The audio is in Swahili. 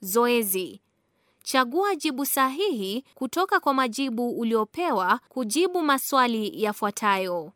Zoezi: chagua jibu sahihi kutoka kwa majibu uliopewa kujibu maswali yafuatayo.